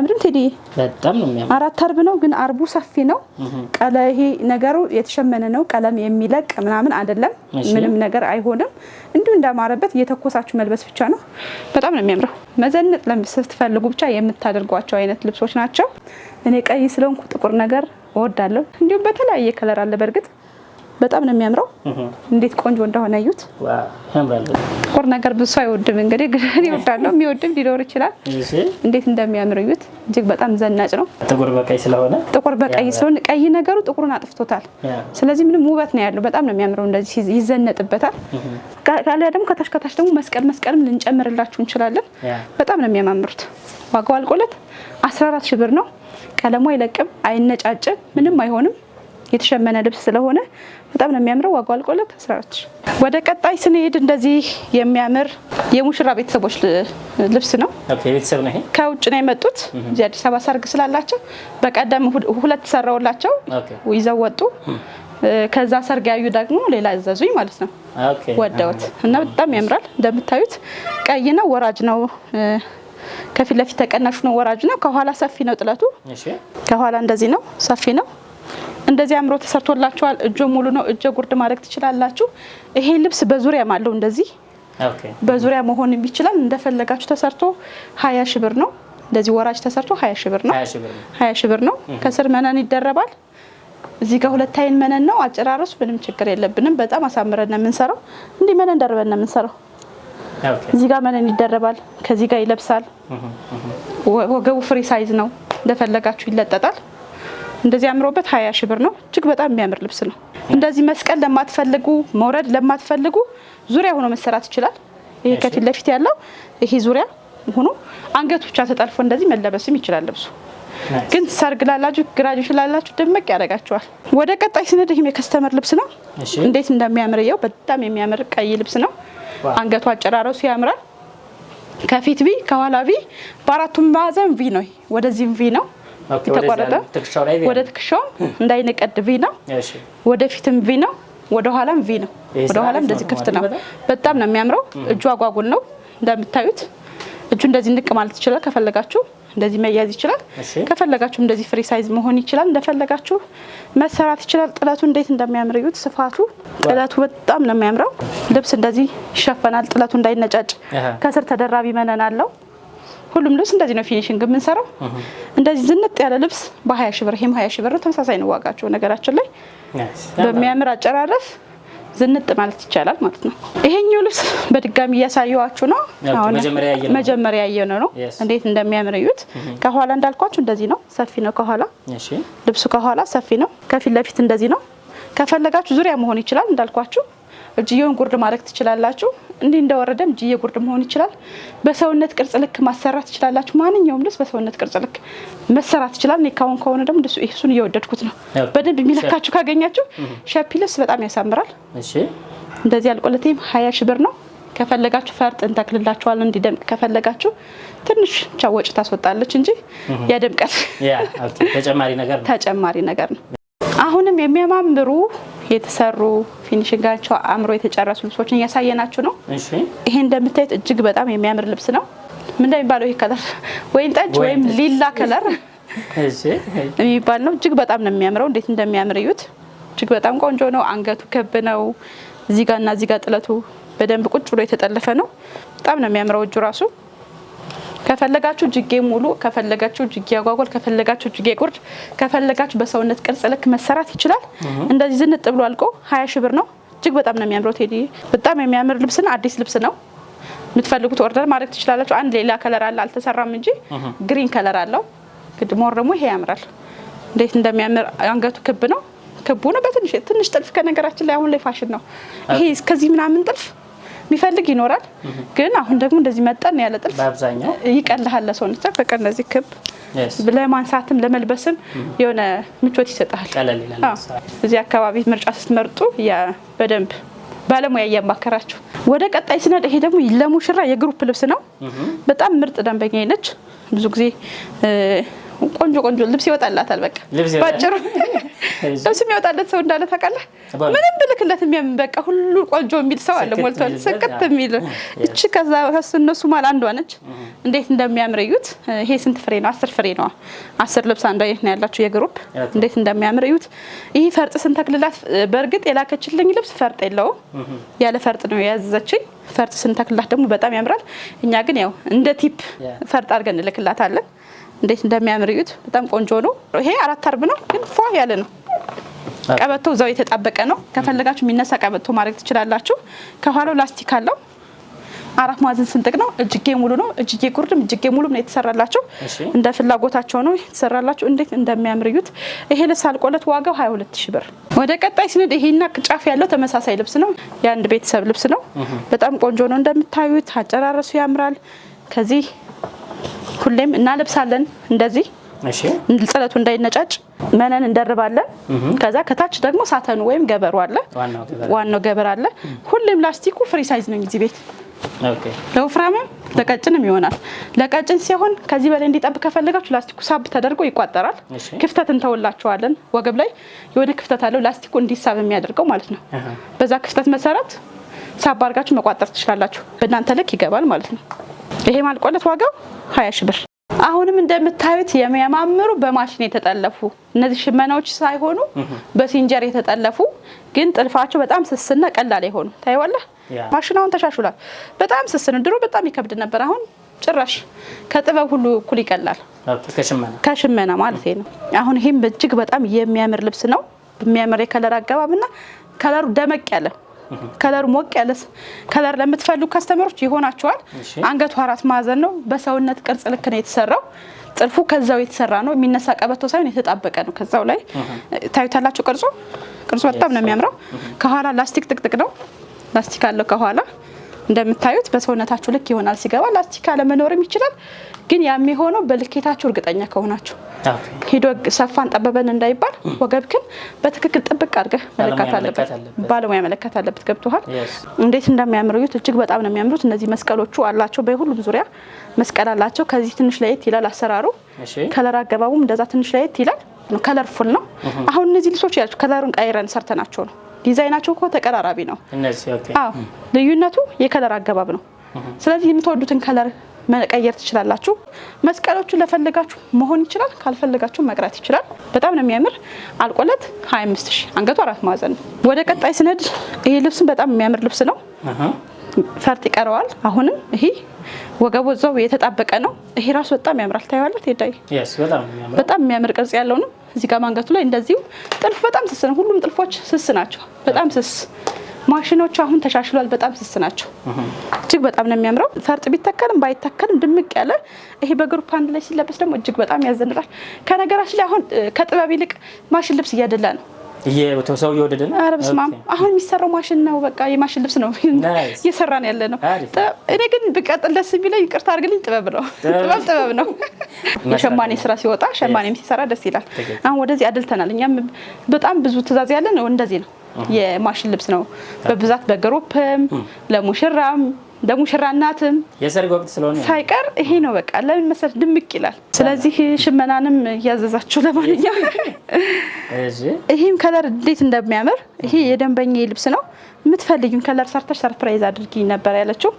አይምርም ቴዲ? በጣም ነው የሚያምር። አራት አርብ ነው ግን አርቡ ሰፊ ነው። ቀለ ይሄ ነገሩ የተሸመነ ነው። ቀለም የሚለቅ ምናምን አይደለም። ምንም ነገር አይሆንም። እንዲሁ እንዳማረበት እየተኮሳችሁ መልበስ ብቻ ነው። በጣም ነው የሚያምረው። መዘነጥ ስትፈልጉ ብቻ የምታደርጓቸው አይነት ልብሶች ናቸው። እኔ ቀይ ስለሆንኩ ጥቁር ነገር እወዳለሁ። እንዲሁም በተለያየ ከለር አለ በእርግጥ በጣም ነው የሚያምረው። እንዴት ቆንጆ እንደሆነ እዩት። ጥቁር ነገር ብሱ አይወድም እንግዲህ ግን ይወዳለው። የሚወድም ሊኖር ይችላል። እንዴት እንደሚያምር እዩት። እጅግ በጣም ዘናጭ ነው። ጥቁር በቀይ ስለሆነ ጥቁር በቀይ ስለሆነ ቀይ ነገሩ ጥቁሩን አጥፍቶታል። ስለዚህ ምንም ውበት ነው ያለው። በጣም ነው የሚያምረው። እንደዚህ ይዘነጥበታል። ካለ ደግሞ ከታች ከታች ደግሞ መስቀል መስቀልም ልንጨምርላችሁ እንችላለን። በጣም ነው የሚያማምሩት። ዋጋው አልቆለት 14 ሺህ ብር ነው። ቀለሙ አይለቅም፣ አይነጫጭም፣ ምንም አይሆንም። የተሸመነ ልብስ ስለሆነ በጣም ነው የሚያምረው። ዋጋው አልቆለት ስራች። ወደ ቀጣይ ስንሄድ እንደዚህ የሚያምር የሙሽራ ቤተሰቦች ልብስ ነው። ከውጭ ነው የመጡት እዚህ አዲስ አበባ ሰርግ ስላላቸው በቀደም ሁለት ሰራውላቸው ይዘው ወጡ። ከዛ ሰርግ ያዩ ደግሞ ሌላ እዘዙኝ ማለት ነው። ወደውት እና በጣም ያምራል። እንደምታዩት ቀይ ነው፣ ወራጅ ነው። ከፊት ለፊት ተቀናሹ ነው፣ ወራጅ ነው። ከኋላ ሰፊ ነው ጥለቱ። ከኋላ እንደዚህ ነው፣ ሰፊ ነው። እንደዚህ አምሮ ተሰርቶላችኋል። እጆ ሙሉ ነው። እጀ ጉርድ ማድረግ ትችላላችሁ። ይሄ ልብስ በዙሪያም አለው እንደዚህ በዙሪያ መሆን ይችላል። እንደፈለጋችሁ ተሰርቶ ሀያ ሺ ብር ነው። እንደዚህ ወራጅ ተሰርቶ ሀያ ሺ ብር ነው። ሀያ ሺ ብር ነው። ከስር መነን ይደረባል። እዚህ ጋር ሁለት አይን መነን ነው። አጨራረሱ ምንም ችግር የለብንም። በጣም አሳምረን ነው የምንሰራው። እንዲህ መነን ደርበን ነው የምንሰራው። እዚህ ጋር መነን ይደረባል። ከዚህ ጋር ይለብሳል። ወገቡ ፍሪ ሳይዝ ነው። እንደፈለጋችሁ ይለጠጣል። እንደዚህ አምሮበት ሀያ ሺህ ብር ነው። እጅግ በጣም የሚያምር ልብስ ነው። እንደዚህ መስቀል ለማትፈልጉ መውረድ ለማትፈልጉ ዙሪያ ሆኖ መሰራት ይችላል። ይሄ ከፊት ለፊት ያለው ይሄ ዙሪያ ሆኖ አንገቱ ብቻ ተጠልፎ እንደዚህ መለበስም ይችላል ልብሱ ግን ሰርግ ላላችሁ ግራጁዌሽን ላላችሁ ደመቅ ያደርጋችኋል። ወደ ቀጣይ ስንድ ይህም የከስተመር ልብስ ነው። እንዴት እንደሚያምር የው በጣም የሚያምር ቀይ ልብስ ነው። አንገቱ አጨራረሱ ያምራል። ከፊት ቪ ከኋላ ቪ በአራቱም ማዕዘን ቪ ነው። ወደዚህም ቪ ነው። የተቆረጠ ወደ ትከሻው እንዳይነቀድ ቪ ነው። ወደፊትም ቪ ነው። ወደኋላም ቪ ነው። ወደኋላም እንደዚህ ክፍት ነው። በጣም ነው የሚያምረው። እጁ አጓጉል ነው እንደምታዩት። እጁ እንደዚህ ንቅ ማለት ይችላል ከፈለጋችሁ እንደዚህ መያዝ ይችላል። ከፈለጋችሁ እንደዚህ ፍሪ ሳይዝ መሆን ይችላል። እንደፈለጋችሁ መሰራት ይችላል። ጥለቱ እንዴት እንደሚያምር እዩት። ስፋቱ ጥለቱ በጣም ነው የሚያምረው። ልብስ እንደዚህ ይሸፈናል። ጥለቱ እንዳይነጫጭ ከስር ተደራቢ መነን አለው። ሁሉም ልብስ እንደዚህ ነው ፊኒሽንግ የምንሰራው። እንደዚህ ዝንጥ ያለ ልብስ በሀያ ሺህ ብር ይሄም ሀያ ሺህ ብር ተመሳሳይ ነው ዋጋቸው። ነገራችን ላይ በሚያምር አጨራረስ ዝንጥ ማለት ይቻላል ማለት ነው። ይሄኛው ልብስ በድጋሚ እያሳየዋችሁ ነው። መጀመሪያ ያየነው ነው እንዴት እንደሚያምር እዩት። ከኋላ እንዳልኳችሁ እንደዚህ ነው፣ ሰፊ ነው ከኋላ ልብሱ፣ ከኋላ ሰፊ ነው። ከፊት ለፊት እንደዚህ ነው። ከፈለጋችሁ ዙሪያ መሆን ይችላል እንዳልኳችሁ እጅየውን ጉርድ ማድረግ ትችላላችሁ። እንዲህ እንደወረደም እጅየ ጉርድ መሆን ይችላል። በሰውነት ቅርጽ ልክ ማሰራት ትችላላችሁ። ማንኛውም ልብስ በሰውነት ቅርጽ ልክ መሰራት ይችላል። እኔ ካሁን ከሆነ ደግሞ እሱን እየወደድኩት ነው። በደንብ የሚለካችሁ ካገኛችሁ ሸፒ ልብስ በጣም ያሳምራል። እንደዚህ አልቆለቴም ሀያ ሺህ ብር ነው። ከፈለጋችሁ ፈርጥ እንተክልላችኋለን እንዲደምቅ ከፈለጋችሁ ትንሽ ቻወጭ ታስወጣለች እንጂ ያደምቃል። ተጨማሪ ነገር ነው። አሁንም የሚያማምሩ የተሰሩ ፊኒሽንጋቸው አእምሮ የተጨረሱ ልብሶችን እያሳየናችሁ ነው። ይሄ እንደምታዩት እጅግ በጣም የሚያምር ልብስ ነው። ምን እንደሚባለው ይሄ ከለር ወይም ጠጅ ወይም ሊላ ከለር የሚባል ነው። እጅግ በጣም ነው የሚያምረው። እንዴት እንደሚያምር እዩት። እጅግ በጣም ቆንጆ ነው። አንገቱ ክብ ነው። እዚህ ጋር እና እዚህ ጋር ጥለቱ በደንብ ቁጭ ብሎ የተጠለፈ ነው። በጣም ነው የሚያምረው እጁ ራሱ ከፈለጋችሁ እጅጌ ሙሉ፣ ከፈለጋችሁ እጅጌ አጓጓል ከፈለጋችሁ እጅጌ ቁርድ፣ ከፈለጋችሁ በሰውነት ቅርጽ ልክ መሰራት ይችላል። እንደዚህ ዝንጥ ብሎ አልቆ ሀያ ሺ ብር ነው። እጅግ በጣም ነው የሚያምረው ቴዲ። በጣም የሚያምር ልብስና አዲስ ልብስ ነው። የምትፈልጉት ኦርደር ማድረግ ትችላላችሁ። አንድ ሌላ ከለር አለ አልተሰራም እንጂ ግሪን ከለር አለው። ሞር ደግሞ ይሄ ያምራል። እንዴት እንደሚያምር አንገቱ ክብ ነው። ክቡ ነው በትንሽ ትንሽ ጥልፍ ከነገራችን ላይ አሁን ላይ ፋሽን ነው ይሄ። እስከዚህ ምናምን ጥልፍ የሚፈልግ ይኖራል። ግን አሁን ደግሞ እንደዚህ መጠን ያለ ጥልፍ ይቀልሃል ለሰውነት በቃ እነዚህ ክብ ለማንሳትም ለመልበስም የሆነ ምቾት ይሰጣል። እዚህ አካባቢ ምርጫ ስትመርጡ በደንብ ባለሙያ እያማከራችሁ ወደ ቀጣይ ስነድ፣ ይሄ ደግሞ ለሙሽራ የግሩፕ ልብስ ነው። በጣም ምርጥ ደንበኛ ነች። ብዙ ጊዜ ቆንጆ ቆንጆ ልብስ ይወጣላታል። በቃ ባጭሩ ልብስ የሚወጣለት ሰው እንዳለ ታውቃለህ። ምንም ብልክለት የሚያምን በቃ ሁሉ ቆንጆ የሚል ሰው አለ፣ ሞልቷል፣ ስቅት የሚል እቺ ከዛ ከሱ እነሱ ማል አንዷ ነች። እንዴት እንደሚያምር እዩት። ይሄ ስንት ፍሬ ነው? አስር ፍሬ ነዋ። አስር ልብስ አንዷ የት ነው ያላችሁ የግሩፕ እንዴት እንደሚያምር እዩት። ይህ ፈርጥ ስንተክልላት፣ በእርግጥ የላከችልኝ ልብስ ፈርጥ የለውም ያለ ፈርጥ ነው የያዘችኝ። ፈርጥ ስንተክልላት ደግሞ በጣም ያምራል። እኛ ግን ያው እንደ ቲፕ ፈርጥ አድርገን እንልክላታለን። እንዴት እንደሚያምር እዩት። በጣም ቆንጆ ነው። ይሄ አራት አርብ ነው፣ ግን ፏ ያለ ነው። ቀበቶ እዛው የተጣበቀ ነው። ከፈለጋችሁ የሚነሳ ቀበቶ ማድረግ ትችላላችሁ። ከኋላው ላስቲክ አለው። አራት ማዕዘን ስንጥቅ ነው። እጅጌ ሙሉ ነው። እጅጌ ጉርድም እጅጌ ሙሉም ነው የተሰራላችሁ። እንደ ፍላጎታቸው ነው የተሰራላችሁ። እንዴት እንደሚያምር እዩት። ይሄ ልብስ አልቆለት ዋጋው 22 ሺህ ብር። ወደ ቀጣይ ስንድ ይሄና ቅጫፍ ያለው ተመሳሳይ ልብስ ነው። የአንድ ቤተሰብ ልብስ ነው። በጣም ቆንጆ ነው እንደምታዩት። አጨራረሱ ያምራል። ከዚህ ሁሌም እናለብሳለን እንደዚህ ጥለቱ እንዳይነጫጭ መነን እንደርባለን። ከዛ ከታች ደግሞ ሳተኑ ወይም ገበሩ አለ፣ ዋናው ገበር አለ። ሁሌም ላስቲኩ ፍሪ ሳይዝ ነው እዚህ ቤት ለውፍራምም ለቀጭንም ይሆናል። ለቀጭን ሲሆን ከዚህ በላይ እንዲጠብ ከፈለጋችሁ ላስቲኩ ሳብ ተደርጎ ይቋጠራል። ክፍተት እንተወላቸዋለን ወገብ ላይ የሆነ ክፍተት አለው ላስቲኩ እንዲሳብ የሚያደርገው ማለት ነው። በዛ ክፍተት መሰረት ሳብ አድርጋችሁ መቋጠር ትችላላችሁ። በእናንተ ልክ ይገባል ማለት ነው። ይሄ ማልቆለት ዋጋው ሀያ ሺ ብር። አሁንም እንደምታዩት የሚያማምሩ በማሽን የተጠለፉ እነዚህ ሽመናዎች ሳይሆኑ በሲንጀር የተጠለፉ ግን ጥልፋቸው በጣም ስስና ቀላል የሆኑ ታይዋለህ። ማሽን አሁን ተሻሽሏል። በጣም ስስን ድሮ በጣም ይከብድ ነበር። አሁን ጭራሽ ከጥበብ ሁሉ እኩል ይቀላል፣ ከሽመና ማለት ነው። አሁን ይህም እጅግ በጣም የሚያምር ልብስ ነው። የሚያምር የከለር አገባብና ከለሩ ደመቅ ያለ ከለሩ ሞቅ ያለ ከለር ለምትፈልጉ ከስተመሮች ይሆናቸዋል። አንገቱ አራት ማዕዘን ነው። በሰውነት ቅርጽ ልክ ነው የተሰራው። ጥልፉ ከዛው የተሰራ ነው። የሚነሳ ቀበቶ ሳይሆን የተጣበቀ ነው። ከዛው ላይ ታዩታላችሁ። ቅርጹ ቅርጹ በጣም ነው የሚያምረው። ከኋላ ላስቲክ ጥቅጥቅ ነው። ላስቲክ አለው ከኋላ እንደምታዩት በሰውነታችሁ ልክ ይሆናል ሲገባ። ላስቲክ አለመኖርም ይችላል፣ ግን ያም የሆነው በልኬታችሁ እርግጠኛ ከሆናችሁ ሂዶ ሰፋን ጠበበን እንዳይባል ወገብክን በትክክል ጥብቅ አድርገህ መለካት አለበት። ባለሙያ መለካት አለበት። ገብቶሃል? እንዴት እንደሚያምሩት እጅግ በጣም ነው የሚያምሩት። እነዚህ መስቀሎቹ አላቸው፣ በሁሉም ዙሪያ መስቀል አላቸው። ከዚህ ትንሽ ለየት ይላል አሰራሩ። ከለር አገባቡም እንደዛ ትንሽ ለየት ይላል። ከለርፉል ነው። አሁን እነዚህ ልብሶች ያቸው ከለሩን ቀይረን ሰርተናቸው ነው ዲዛይናቸው እኮ ተቀራራቢ ነው። አዎ ልዩነቱ የከለር አገባብ ነው። ስለዚህ የምትወዱትን ከለር መቀየር ትችላላችሁ። መስቀሎቹ ለፈለጋችሁ መሆን ይችላል፣ ካልፈለጋችሁ መቅረት ይችላል። በጣም ነው የሚያምር። አልቆለት 25 ሺህ አንገቱ አራት ማዕዘን ነው። ወደ ቀጣይ ስነድ ይህ ልብስ በጣም የሚያምር ልብስ ነው። ፈርጥ ይቀረዋል። አሁንም ይሄ ወገቡ እዛው የተጣበቀ ነው። ይሄ ራሱ በጣም ያምራል። ታየዋለት ዳይ በጣም የሚያምር ቅርጽ ያለው ነው። እዚህ ጋር ማንገቱ ላይ እንደዚሁ ጥልፍ በጣም ስስ ነው። ሁሉም ጥልፎች ስስ ናቸው። በጣም ስስ ማሽኖቹ አሁን ተሻሽሏል። በጣም ስስ ናቸው። uh-huh. እጅግ በጣም ነው የሚያምረው። ፈርጥ ቢተከልም ባይተከልም ድምቅ ያለ ይሄ በግሩፕ አንድ ላይ ሲለበስ ደግሞ እጅግ በጣም ያዘንራል። ከነገራችን ላይ አሁን ከጥበብ ይልቅ ማሽን ልብስ እያደላ ነው ሰው እየወደደ ነው። ኧረ በስመ አብ አሁን የሚሰራው ማሽን ነው። በቃ የማሽን ልብስ ነው እየሰራን ያለ ነው። እኔ ግን ብቀጥል ደስ የሚለኝ ይቅርታ አድርግልኝ፣ ጥበብ ነው። ጥበብ ጥበብ ነው። የሸማኔ ስራ ሲወጣ ሸማኔም ሲሰራ ደስ ይላል። አሁን ወደዚህ አድልተናል። እኛም በጣም ብዙ ትዕዛዝ ያለን እንደዚህ ነው። የማሽን ልብስ ነው በብዛት በግሩፕም ለሙሽራም እንደሙሽራ እናትም የሰርግ ወቅት ስለሆነ ሳይቀር ይሄ ነው በቃ ለምን መሰል ድምቅ ይላል። ስለዚህ ሽመናንም እያዘዛችሁ ለማንኛውም ይሄም ከለር እንዴት እንደሚያምር ይሄ የደንበኛ ልብስ ነው። የምትፈልጊውን ከለር ሰርተሽ ሰርፕራይዝ አድርጊ ነበር ያለችው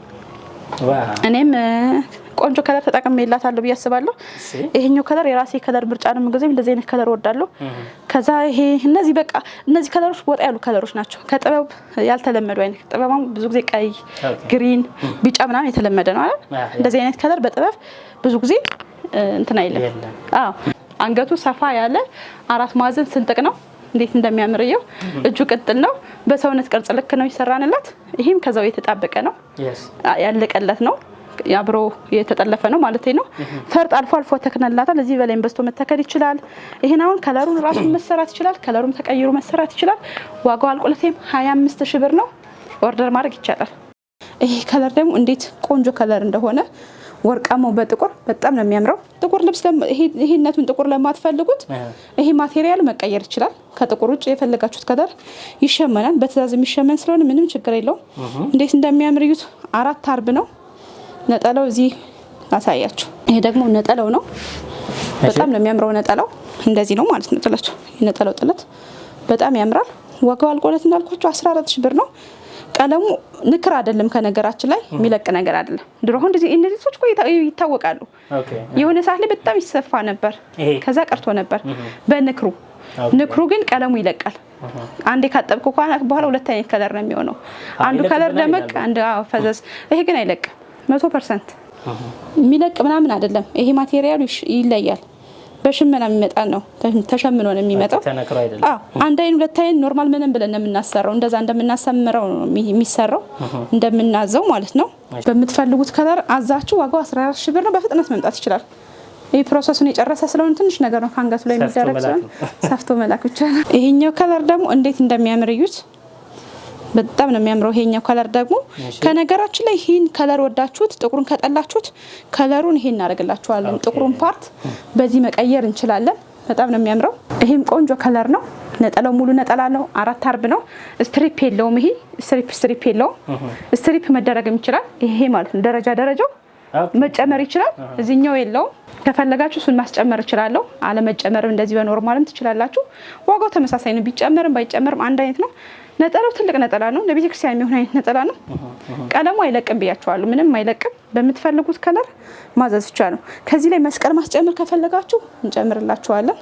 እኔም ቆንጆ ከለር ተጠቅሜ የላታለሁ ብዬ አስባለሁ። ይሄኛው ከለር የራሴ ከለር ምርጫ ነው። ምንጊዜም እንደዚህ አይነት ከለር ወዳለሁ። ከዛ ይሄ እነዚህ በቃ እነዚህ ከለሮች ወጣ ያሉ ከለሮች ናቸው። ከጥበብ ያልተለመዱ አይነት ጥበባም ብዙ ጊዜ ቀይ፣ ግሪን፣ ቢጫ ምናምን የተለመደ ነው አይደል? እንደዚህ አይነት ከለር በጥበብ ብዙ ጊዜ እንትን አይለም። አዎ አንገቱ ሰፋ ያለ አራት ማዕዘን ስንጥቅ ነው። እንዴት እንደሚያምርየው እጁ ቅጥል ነው። በሰውነት ቅርጽ ልክ ነው ይሰራንለት ይህም ከዛው የተጣበቀ ነው ያለቀለት ነው። አብሮ የተጠለፈ ነው ማለት ነው። ፈርጥ አልፎ አልፎ ተክነላታል። እዚህ በላይ በስቶ መተከል ይችላል። ይሄን አሁን ከለሩን ራሱን መሰራት ይችላል። ከለሩም ተቀይሮ መሰራት ይችላል። ዋጋው አልቆለቴም 25 ሺህ ብር ነው። ኦርደር ማድረግ ይቻላል። ይሄ ከለር ደግሞ እንዴት ቆንጆ ከለር እንደሆነ ወርቃማው በጥቁር በጣም ነው የሚያምረው። ጥቁር ልብስ ይሄነቱን ጥቁር ለማትፈልጉት ይሄ ማቴሪያል መቀየር ይችላል። ከጥቁር ውጭ የፈለጋችሁት ከለር ይሸመናል። በትእዛዝ የሚሸመን ስለሆነ ምንም ችግር የለውም። እንዴት እንደሚያምር እዩት። አራት አርብ ነው ነጠላው እዚህ አሳያችሁ። ይሄ ደግሞ ነጠላው ነው። በጣም ነው የሚያምረው ነጠላው። እንደዚህ ነው ማለት ነው ጥለቱ። የነጠላው ጥለት በጣም ያምራል። ዋጋው አልቆለት እንዳልኳችሁ 14 ሺህ ብር ነው። ቀለሙ ንክር አይደለም፣ ከነገራችን ላይ የሚለቅ ነገር አይደለም። ድሮ አሁን እንደዚህ እነዚህ ሶች ይታወቃሉ። የሆነ ሰዓት ላይ በጣም ይሰፋ ነበር፣ ከዛ ቀርቶ ነበር በንክሩ። ንክሩ ግን ቀለሙ ይለቃል። አንዴ ካጠብኩ በኋላ ሁለት አይነት ከለር ነው የሚሆነው። አንዱ ከለር ደመቅ፣ አንዱ ፈዘዝ። ይሄ ግን አይለቅም። መቶ ፐርሰንት የሚለቅ ምናምን አይደለም። ይሄ ማቴሪያሉ ይለያል። በሽመና የሚመጣ ነው። ተሸምኖ ነው የሚመጣው። አንድ አይን ሁለት አይን ኖርማል ምንም ብለን የምናሰራው እንደዛ እንደምናሰምረው የሚሰራው እንደምናዘው ማለት ነው። በምትፈልጉት ከለር አዛችሁ ዋጋው 14 ሽብር ብር ነው። በፍጥነት መምጣት ይችላል። ይህ ፕሮሰሱን የጨረሰ ስለሆነ ትንሽ ነገር ነው ከአንገቱ ላይ የሚደረግ ስለሆነ ሰፍቶ መላክ ብቻ ነው። ይሄኛው ከለር ደግሞ እንዴት እንደሚያምር እዩት። በጣም ነው የሚያምረው። ይሄኛው ከለር ደግሞ ከነገራችን ላይ ይህን ከለር ወዳችሁት ጥቁሩን ከጠላችሁት ከለሩን ይሄን እናደርግላችኋለን። ጥቁሩን ፓርት በዚህ መቀየር እንችላለን። በጣም ነው የሚያምረው። ይሄም ቆንጆ ከለር ነው። ነጠላው ሙሉ ነጠላ ነው። አራት አርብ ነው። ስትሪፕ የለውም። ይሄ ስትሪፕ ስትሪፕ የለውም። ስትሪፕ መደረግም ይችላል። ይሄ ማለት ነው ደረጃ ደረጃው መጨመር ይችላል። እዚህኛው የለውም። ከፈለጋችሁ እሱን ማስጨመር እችላለሁ። አለመጨመርም እንደዚህ በኖርማልም ትችላላችሁ። ዋጋው ተመሳሳይ ነው። ቢጨመርም ባይጨመርም አንድ አይነት ነው። ነጠላው ትልቅ ነጠላ ነው። ለቤተክርስቲያን የሚሆን አይነት ነጠላ ነው። ቀለሙ አይለቅም ብያችኋለሁ። ምንም አይለቅም። በምትፈልጉት ከለር ማዘዝ ብቻ ነው። ከዚህ ላይ መስቀል ማስጨመር ከፈለጋችሁ እንጨምርላችኋለን።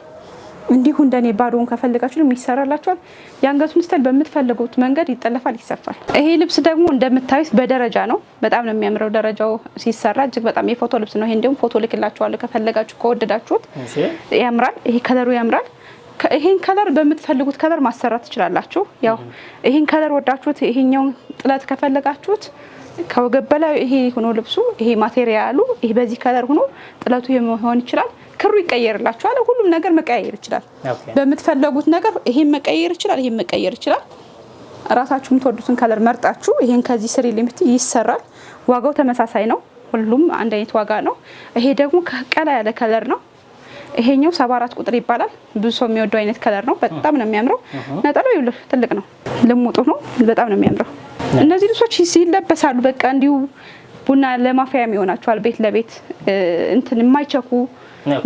እንዲሁ እንደኔ ባዶውን ከፈልጋችሁ ይሰራላችኋል። የአንገቱን ስታይል በምትፈልጉት መንገድ ይጠለፋል፣ ይሰፋል። ይሄ ልብስ ደግሞ እንደምታዩት በደረጃ ነው። በጣም ነው የሚያምረው። ደረጃው ሲሰራ እጅግ በጣም የፎቶ ልብስ ነው። ይሄ እንዲሁም ፎቶ ልክላችኋለሁ ከፈለጋችሁ፣ ከወደዳችሁት። ያምራል። ይሄ ከለሩ ያምራል። ይሄን ከለር በምትፈልጉት ከለር ማሰራት ትችላላችሁ። ያው ይሄን ከለር ወዳችሁት፣ ይሄኛውን ጥለት ከፈለጋችሁት ከወገብ በላይ ይሄ ሆኖ ልብሱ ይሄ ማቴሪያሉ ይሄ በዚህ ከለር ሆኖ ጥለቱ የመሆን ይችላል። ክሩ ይቀየርላችኋል። ሁሉም ነገር መቀያየር ይችላል። በምትፈለጉት ነገር ይሄን መቀየር ይችላል፣ ይሄን መቀየር ይችላል። እራሳችሁ የምትወዱትን ከለር መርጣችሁ ይሄን ከዚህ ስሪ ሊሚት ይሰራል። ዋጋው ተመሳሳይ ነው። ሁሉም አንድ አይነት ዋጋ ነው። ይሄ ደግሞ ቀላ ያለ ከለር ነው። ይሄኛው ሰባ አራት ቁጥር ይባላል። ብዙ ሰው የሚወደው አይነት ከለር ነው። በጣም ነው የሚያምረው። ነጠላው ይኸውልህ ትልቅ ነው፣ ልሙጡ ነው። በጣም ነው የሚያምረው። እነዚህ ልብሶች ይለበሳሉ። በቃ እንዲሁ ቡና ለማፍያም ይሆናቸዋል። ቤት ለቤት እንትን የማይቸኩ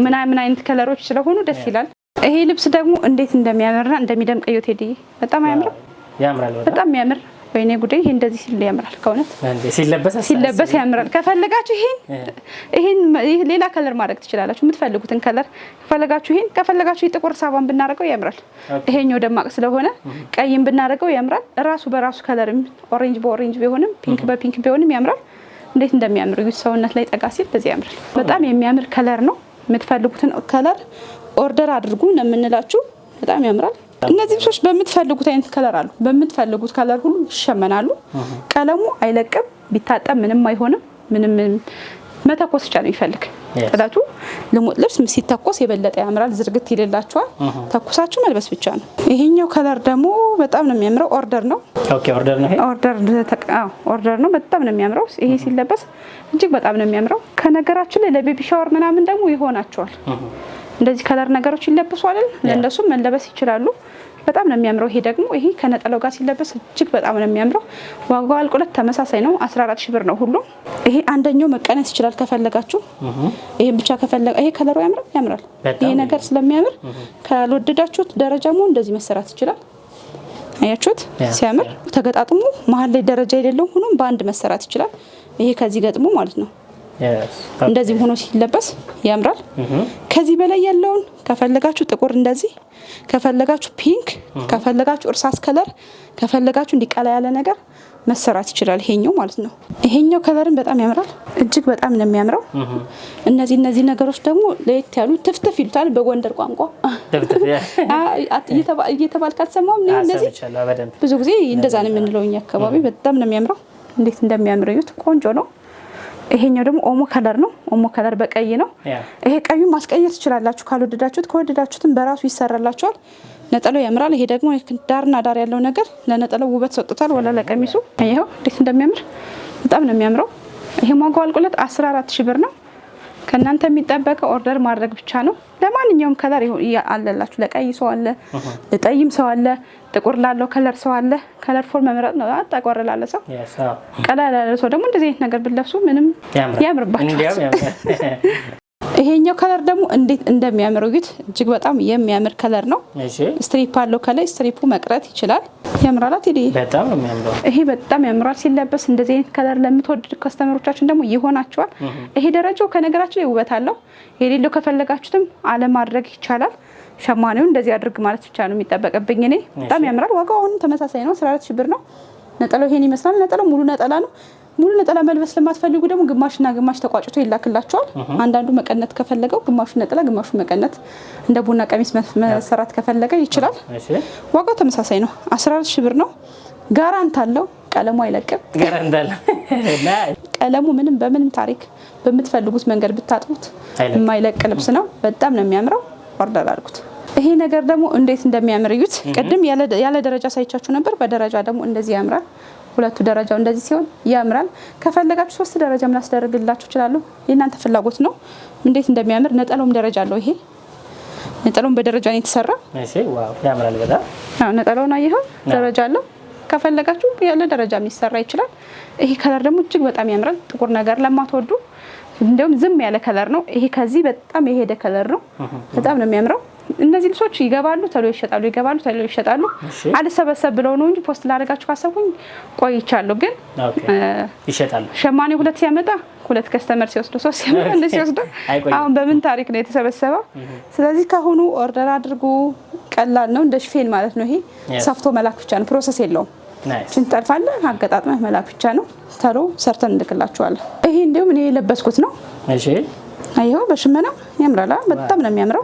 ምናምን አይነት ከለሮች ስለሆኑ ደስ ይላል። ይሄ ልብስ ደግሞ እንዴት እንደሚያምርና እንደሚደምቅ እየው ቴዲ፣ በጣም አያምርም? በጣም የሚያምር ወይኔ ጉዴ! ይሄ እንደዚህ ሲል ያምራል፣ ከእውነት ሲለበስ ያምራል። ከፈለጋችሁ ይሄን ይሄን ሌላ ከለር ማድረግ ትችላላችሁ፣ የምትፈልጉትን ከለር ከፈለጋችሁ ይሄን፣ ከፈለጋችሁ ጥቁር ሳባን ብናደርገው ያምራል። ይሄኛው ደማቅ ስለሆነ ቀይም ብናደርገው ያምራል። ራሱ በራሱ ከለርም ኦሬንጅ በኦሬንጅ ቢሆንም ፒንክ በፒንክ ቢሆንም ያምራል። እንዴት እንደሚያምር ሰውነት ላይ ጠጋ ሲል በዚህ ያምራል። በጣም የሚያምር ከለር ነው። የምትፈልጉትን ከለር ኦርደር አድርጉ ነው የምንላችሁ። በጣም ያምራል። እነዚህ ልብሶች በምትፈልጉት አይነት ከለር አሉ። በምትፈልጉት ከለር ሁሉ ይሸመናሉ። ቀለሙ አይለቅም፣ ቢታጠብ ምንም አይሆንም። ምንም መተኮስ ብቻ ነው የሚፈልግ ጥለቱ። ልሙጥ ልብስ ሲተኮስ የበለጠ ያምራል፣ ዝርግት ይልላቸዋል። ተኩሳችሁ መልበስ ብቻ ነው። ይሄኛው ከለር ደግሞ በጣም ነው የሚያምረው። ኦርደር ነው ኦርደር ነው። በጣም ነው የሚያምረው። ይሄ ሲለበስ እጅግ በጣም ነው የሚያምረው። ከነገራችን ላይ ለቤቢ ሻወር ምናምን ደግሞ ይሆናቸዋል። እንደዚህ ከለር ነገሮች ይለብሱ አይደል? ለእነሱም መለበስ ይችላሉ። በጣም ነው የሚያምረው። ይሄ ደግሞ ይሄ ከነጠላው ጋር ሲለበስ እጅግ በጣም ነው የሚያምረው። ዋጋው አልቆለት ተመሳሳይ ነው፣ 14 ሺህ ብር ነው ሁሉም። ይሄ አንደኛው መቀነስ ይችላል ከፈለጋችሁ። ይሄን ብቻ ከፈለጋ ይሄ ከለሩ ያምራል ያምራል። ይሄ ነገር ስለሚያምር ካልወደዳችሁት ደረጃ መሆን እንደዚህ መሰራት ይችላል። አያችሁት ሲያምር ተገጣጥሞ መሀል ላይ ደረጃ የሌለው ሆኖም በአንድ መሰራት ይችላል። ይሄ ከዚህ ገጥሞ ማለት ነው። እንደዚህ ሆኖ ሲለበስ ያምራል። ከዚህ በላይ ያለውን ከፈለጋችሁ ጥቁር እንደዚህ፣ ከፈለጋችሁ ፒንክ፣ ከፈለጋችሁ እርሳስ ከለር፣ ከፈለጋችሁ እንዲቀላ ያለ ነገር መሰራት ይችላል። ይሄኛው ማለት ነው። ይሄኛው ከለርን በጣም ያምራል። እጅግ በጣም ነው የሚያምረው። እነዚህ እነዚህ ነገሮች ደግሞ ለየት ያሉ ትፍትፍ ይሉታል በጎንደር ቋንቋ እየተባል ካልሰማሁም እነዚህ ብዙ ጊዜ እንደዛ ነው የምንለው እኛ አካባቢ። በጣም ነው የሚያምረው። እንዴት እንደሚያምር እዩት። ቆንጆ ነው። ይሄኛው ደግሞ ኦሞ ከለር ነው። ኦሞ ከለር በቀይ ነው። ይሄ ቀዩን ማስቀየር ትችላላችሁ ካልወደዳችሁት። ከወደዳችሁትም በራሱ ይሰራላችኋል። ነጠላው ያምራል። ይሄ ደግሞ ዳርና ዳር ያለው ነገር ለነጠላው ውበት ሰጥቶታል። ወላ ለቀሚሱ ይኸው እንዴት እንደሚያምር በጣም ነው የሚያምረው። ይሄ ዋጋው አልቆለት 14 ሺህ ብር ነው። ከእናንተ የሚጠበቀው ኦርደር ማድረግ ብቻ ነው። ለማንኛውም ከለር አለላችሁ። ለቀይ ሰው አለ፣ ለጠይም ሰው አለ፣ ጥቁር ላለው ከለር ሰው አለ። ከለር ፎል መምረጥ ነው። ጠቆር ላለ ሰው፣ ቀላ ላለ ሰው ደግሞ እንደዚህ አይነት ነገር ብለብሱ ምንም ያምርባችሁ። ይሄኛው ከለር ደግሞ እንዴት እንደሚያምር እዩት። እጅግ በጣም የሚያምር ከለር ነው። ስትሪፕ አለው ከላይ ስትሪፑ መቅረት ይችላል። ያምራል። በጣም የሚያምረው ይሄ በጣም ያምራል ሲለበስ። እንደዚህ አይነት ከለር ለምትወድ ከስተመሮቻችን ደግሞ ይሆናቸዋል። ይሄ ደረጃው ከነገራችን ላይ ውበት አለው። የሌለው ከፈለጋችሁትም አለማድረግ ይቻላል። ሸማኔው እንደዚህ አድርግ ማለት ብቻ ነው የሚጠበቅብኝ። እኔ በጣም ያምራል። ዋጋው አሁንም ተመሳሳይ ነው፣ አስራ አራት ብር ነው። ነጠላው ይሄን ይመስላል። ነጠላው ሙሉ ነጠላ ነው። ሙሉ ነጠላ መልበስ ለማትፈልጉ ደግሞ ግማሽና ግማሽ ተቋጭቶ ይላክላቸዋል። አንዳንዱ መቀነት ከፈለገው ግማሹ ነጠላ፣ ግማሹ መቀነት እንደ ቡና ቀሚስ መሰራት ከፈለገ ይችላል። ዋጋው ተመሳሳይ ነው፣ 14 ሺህ ብር ነው። ጋራንት አለው። ቀለሙ አይለቅም። ቀለሙ ምንም በምንም ታሪክ በምትፈልጉት መንገድ ብታጥቡት የማይለቅ ልብስ ነው። በጣም ነው የሚያምረው። ኦርደር አልኩት። ይሄ ነገር ደግሞ እንዴት እንደሚያምር እዩት። ቅድም ያለ ደረጃ ሳይቻችሁ ነበር። በደረጃ ደግሞ እንደዚህ ያምራል። ሁለቱ ደረጃው እንደዚህ ሲሆን ያምራል። ከፈለጋችሁ ሶስት ደረጃ ላስደርግላችሁ እችላለሁ። የእናንተ ፍላጎት ነው እንዴት እንደሚያምር። ነጠላውም ደረጃ አለው። ይሄ ነጠላውም በደረጃ ነው የተሰራ። ያምራል በጣም ነጠላውን አየኸው፣ ደረጃ አለው። ከፈለጋችሁ ያለ ደረጃ ሊሰራ ይችላል። ይሄ ከለር ደግሞ እጅግ በጣም ያምራል። ጥቁር ነገር ለማትወዱ እንዲሁም ዝም ያለ ከለር ነው ይሄ። ከዚህ በጣም የሄደ ከለር ነው። በጣም ነው የሚያምረው እነዚህ ልብሶች ይገባሉ፣ ተሎ ይሸጣሉ፣ ይገባሉ፣ ተሎ ይሸጣሉ። አልሰበሰብ ብለው ነው እንጂ ፖስት ላደርጋችሁ ካሰቡኝ ቆይቻለሁ። ግን ይሸጣሉ። ሸማኔ ሁለት ሲያመጣ ሁለት ከስተመር ሲወስዱ ሶስት ሲያመጣ እንደ ሲወስዱ አሁን በምን ታሪክ ነው የተሰበሰበው? ስለዚህ ከአሁኑ ኦርደር አድርጉ። ቀላል ነው፣ እንደ ሽፌን ማለት ነው። ይሄ ሰፍቶ መላክ ብቻ ነው፣ ፕሮሰስ የለውም። ችን ጠልፋለህ አገጣጥመህ መላክ ብቻ ነው። ተሎ ሰርተን እንልክላችኋለን። ይሄ እንዲሁም እኔ የለበስኩት ነው። ይኸው በሽመና ያምራላ። በጣም ነው የሚያምረው።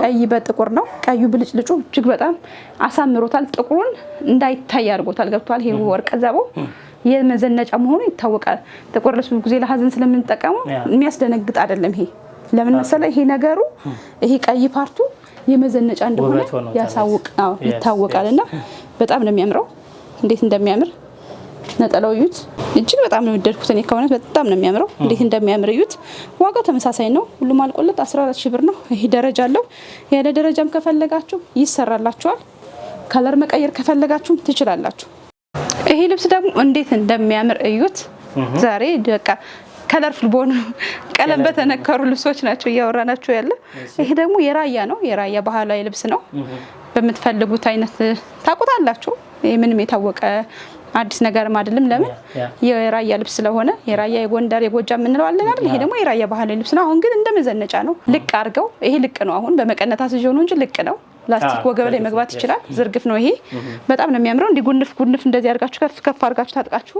ቀይ በጥቁር ነው። ቀዩ ብልጭልጩ እጅግ በጣም አሳምሮታል። ጥቁሩን እንዳይታይ አድርጎታል። ገብቷል። ይሄ ወርቀ ዘቦ የመዘነጫ መሆኑ ይታወቃል። ጥቁር ልብስ ብዙ ጊዜ ለሀዘን የሚያስደነግጥ አይደለም። ይሄ ለምን መሰለ? ይሄ ነገሩ ይሄ ቀይ ፓርቱ የመዘነጫ እንደሆነ ያሳውቅ ይታወቃል። እና በጣም ነው የሚያምረው። እንዴት እንደሚያምር ነጠላው እዩት፣ እጅግ በጣም ነው የወደድኩት እኔ ከሆነ በጣም ነው የሚያምረው። እንዴት እንደሚያምር እዩት። ዋጋው ተመሳሳይ ነው፣ ሁሉም አልቆለት 14 ሺ ብር ነው። ይሄ ደረጃ አለው። ያለ ደረጃም ከፈለጋችሁ ይሰራላችኋል። ከለር መቀየር ከፈለጋችሁም ትችላላችሁ። ይሄ ልብስ ደግሞ እንዴት እንደሚያምር እዩት። ዛሬ በቃ ከለርፉል በሆኑ ቀለም በተነከሩ ልብሶች ናቸው እያወራናቸው ያለ። ይሄ ደግሞ የራያ ነው፣ የራያ ባህላዊ ልብስ ነው። በምትፈልጉት አይነት ታቁታላችሁ። ይህ ምንም የታወቀ አዲስ ነገርም አይደለም። ለምን የራያ ልብስ ስለሆነ የራያ የጎንደር የጎጃም የምንለው አለን አይደል? ይሄ ደግሞ የራያ ባህላዊ ልብስ ነው። አሁን ግን እንደ መዘነጫ ነው ልቅ አድርገው። ይሄ ልቅ ነው አሁን በመቀነታ ሲሆኑ እንጂ ልቅ ነው። ላስቲክ ወገብ ላይ መግባት ይችላል። ዝርግፍ ነው ይሄ። በጣም ነው የሚያምረው። እንዲህ ጉንፍ ጉንፍ እንደዚህ አድርጋችሁ ከፍ ከፍ አድርጋችሁ ታጥቃችሁ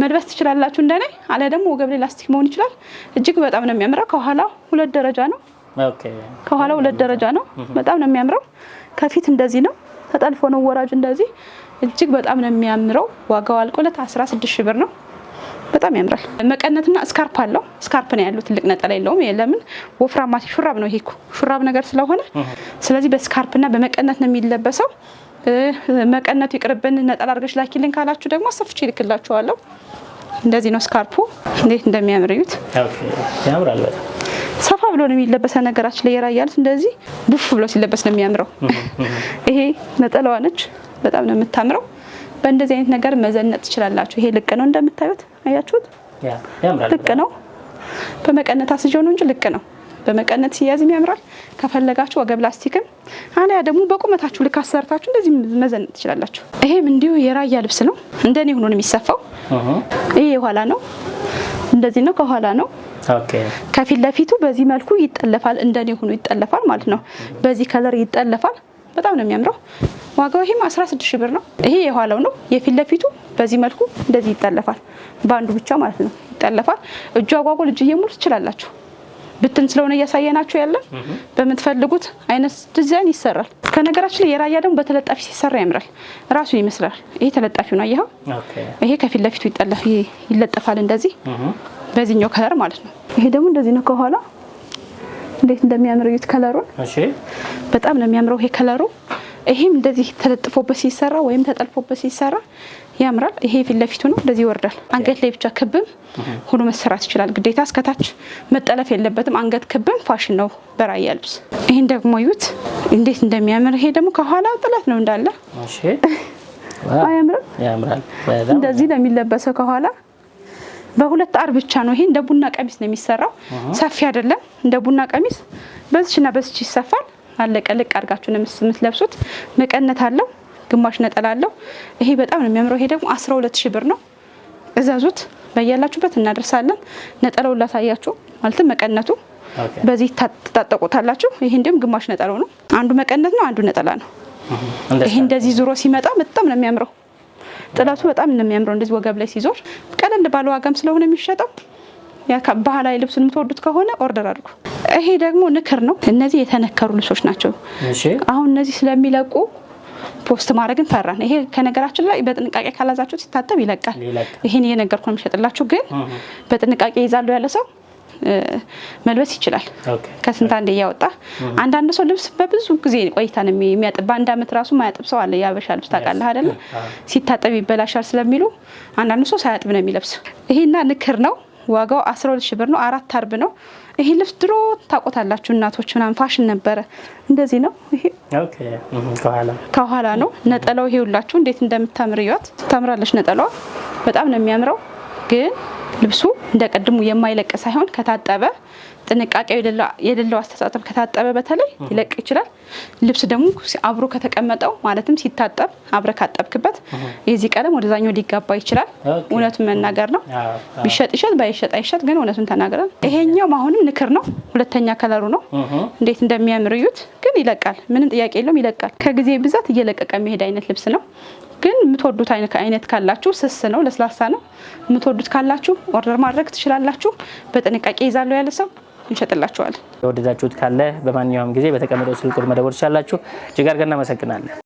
መልበስ ትችላላችሁ። እንደኔ አለ ደግሞ ወገብ ላይ ላስቲክ መሆን ይችላል። እጅግ በጣም ነው የሚያምረው። ከኋላ ሁለት ደረጃ ነው። ከኋላ ሁለት ደረጃ ነው። በጣም ነው የሚያምረው። ከፊት እንደዚህ ነው ተጠልፎ ነው ወራጅ እንደዚህ እጅግ በጣም ነው የሚያምረው። ዋጋው አልቆለት 16 ሺህ ብር ነው። በጣም ያምራል። መቀነትና ስካርፕ አለው። ስካርፕ ነው ያለው። ትልቅ ነጠላ የለውም። ለምን ወፍራማ ሹራብ ነው ይሄ ሹራብ ነገር ስለሆነ፣ ስለዚህ በስካርፕና በመቀነት ነው የሚለበሰው። መቀነቱ ይቅርብን፣ ነጠላ አድርገሽ ላኪልን ካላችሁ ደግሞ አሰፍቼ ይልክላችኋለሁ። እንደዚህ ነው ስካርፑ። እንዴት እንደሚያምር እዩት። ያምራል በጣም ሰፋ ብሎ ነው የሚለበሰ። ነገራችን ላይ የራያሉት እንደዚህ ቡፍ ብሎ ሲለበስ ነው የሚያምረው። ይሄ ነጠላዋ ነች። በጣም ነው የምታምረው። በእንደዚህ አይነት ነገር መዘነጥ ትችላላችሁ። ይሄ ልቅ ነው እንደምታዩት፣ አያችሁት? ልቅ ነው። በመቀነት አስጆ ነው እንጂ ልቅ ነው። በመቀነት ሲያዝም ያምራል። ከፈለጋችሁ ወገብ ላስቲክም አያ ደግሞ በቁመታችሁ ልክ አሰርታችሁ እንደዚህ መዘነጥ ትችላላችሁ። ይሄም እንዲሁ የራያ ልብስ ነው። እንደኔ ሆኖ ነው የሚሰፋው። ይሄ የኋላ ነው፣ እንደዚህ ነው። ከኋላ ነው ከፊት ለፊቱ በዚህ መልኩ ይጠለፋል። እንደኔ ሆኖ ይጠለፋል ማለት ነው። በዚህ ከለር ይጠለፋል። በጣም ነው የሚያምረው። ዋጋው ይሄም 16 ሺህ ብር ነው። ይሄ የኋላው ነው። የፊት ለፊቱ በዚህ መልኩ እንደዚህ ይጠለፋል። በአንዱ ብቻ ማለት ነው ይጠለፋል። እጁ አጓጉል እጅ እየሙሉ ትችላላችሁ። ብትን ስለሆነ እያሳየናችሁ ያለ በምትፈልጉት አይነት ዲዛይን ይሰራል። ከነገራችን ላይ የራያ ደግሞ በተለጣፊ ሲሰራ ያምራል፣ ራሱን ይመስላል። ይሄ ተለጣፊው ነው አየኸው። ይሄ ከፊት ለፊቱ ይጠለፍ ይለጠፋል፣ እንደዚህ በዚህኛው ከለር ማለት ነው። ይሄ ደግሞ እንደዚህ ነው ከኋላ እንዴት እንደሚያምር እዩት። ከለሩን በጣም ነው የሚያምረው ይሄ ከለሩ። ይሄም እንደዚህ ተለጥፎበት ሲሰራ ወይም ተጠልፎበት ሲሰራ ያምራል። ይሄ ፊት ለፊቱ ነው፣ እንደዚህ ይወርዳል። አንገት ላይ ብቻ ክብም ሆኖ መሰራት ይችላል። ግዴታ እስከታች መጠለፍ የለበትም። አንገት ክብም ፋሽን ነው በራያ ልብስ። ይህን ደግሞ እዩት እንዴት እንደሚያምር። ይሄ ደግሞ ከኋላ ጥለት ነው እንዳለ አያምርም? እንደዚህ ለሚለበሰው ከኋላ በሁለት አር ብቻ ነው። ይሄ እንደ ቡና ቀሚስ ነው የሚሰራው። ሰፊ አይደለም፣ እንደ ቡና ቀሚስ በዚችና በዚች ይሰፋል። አለቀ። ልቅ አድርጋችሁ ነው የምትለብሱት። መቀነት አለው፣ ግማሽ ነጠላ አለው። ይሄ በጣም ነው የሚያምረው። ይሄ ደግሞ 12 ሺህ ብር ነው። እዛዙት፣ በያላችሁበት እናደርሳለን። ነጠላውን ላሳያችሁ፣ ማለትም መቀነቱ በዚህ ታጠቁታላችሁ። ይሄ እንዲሁም ግማሽ ነጠላው ነው። አንዱ መቀነት ነው፣ አንዱ ነጠላ ነው። ይሄ እንደዚህ ዙሮ ሲመጣ በጣም ነው የሚያምረው። ጥለቱ በጣም እንደሚያምረው እንደዚህ ወገብ ላይ ሲዞር ቀለል ባለ ዋጋም ስለሆነ የሚሸጠው ባህላዊ ልብሱን የምትወዱት ከሆነ ኦርደር አድርጉ። ይሄ ደግሞ ንክር ነው። እነዚህ የተነከሩ ልብሶች ናቸው። አሁን እነዚህ ስለሚለቁ ፖስት ማድረግን ፈራን። ይሄ ከነገራችን ላይ በጥንቃቄ ካላዛቸው ሲታጠብ ይለቃል። ይሄን እየነገርኩ ነው የሚሸጥላችሁ፣ ግን በጥንቃቄ ይዛሉ ያለ ሰው መልበስ ይችላል። ከስንት አንዴ እያወጣ አንዳንድ ሰው ልብስ በብዙ ጊዜ ቆይታ ነው የሚያጥብ። በአንድ አመት ራሱ ማያጥብ ሰው አለ። የአበሻ ልብስ ታውቃለህ አይደለ? ሲታጠብ ይበላሻል ስለሚሉ አንዳንድ ሰው ሳያጥብ ነው የሚለብስ። ይሄና ንክር ነው። ዋጋው 12 ሺህ ብር ነው። አራት አርብ ነው። ይሄ ልብስ ድሮ ታቆታላችሁ እናቶች ምናምን ፋሽን ነበረ። እንደዚህ ነው። ይሄ ከኋላ ነው ነጠላው። ይሄ ሁላችሁ እንዴት እንደምታምር ይወት ታምራለች ነጠላዋ፣ በጣም ነው የሚያምረው ግን ልብሱ እንደ ቀድሙ የማይለቅ ሳይሆን ከታጠበ ጥንቃቄ የሌለው አስተሳሰብ ከታጠበ በተለይ ሊለቅ ይችላል። ልብስ ደግሞ አብሮ ከተቀመጠው ማለትም ሲታጠብ አብረ ካጠብክበት የዚህ ቀለም ወደዛኛው ሊጋባ ይችላል። እውነቱን መናገር ነው። ቢሸጥ ይሸጥ ባይሸጥ አይሸጥ፣ ግን እውነቱን ተናግረን። ይሄኛውም አሁንም ንክር ነው። ሁለተኛ ከለሩ ነው። እንዴት እንደሚያምር እዩት። ግን ይለቃል፣ ምንም ጥያቄ የለውም። ይለቃል። ከጊዜ ብዛት እየለቀቀ የሚሄድ አይነት ልብስ ነው። ግን የምትወዱት አይነት ካላችሁ ስስ ነው፣ ለስላሳ ነው። የምትወዱት ካላችሁ ኦርደር ማድረግ ትችላላችሁ። በጥንቃቄ ይዛለሁ ያለ ሰው እንሸጥላችኋለን። የወደዳችሁት ካለ በማንኛውም ጊዜ በተቀመጠው ስልክ ቁጥር መደወል ትችላላችሁ። እጅግ አድርገን እናመሰግናለን።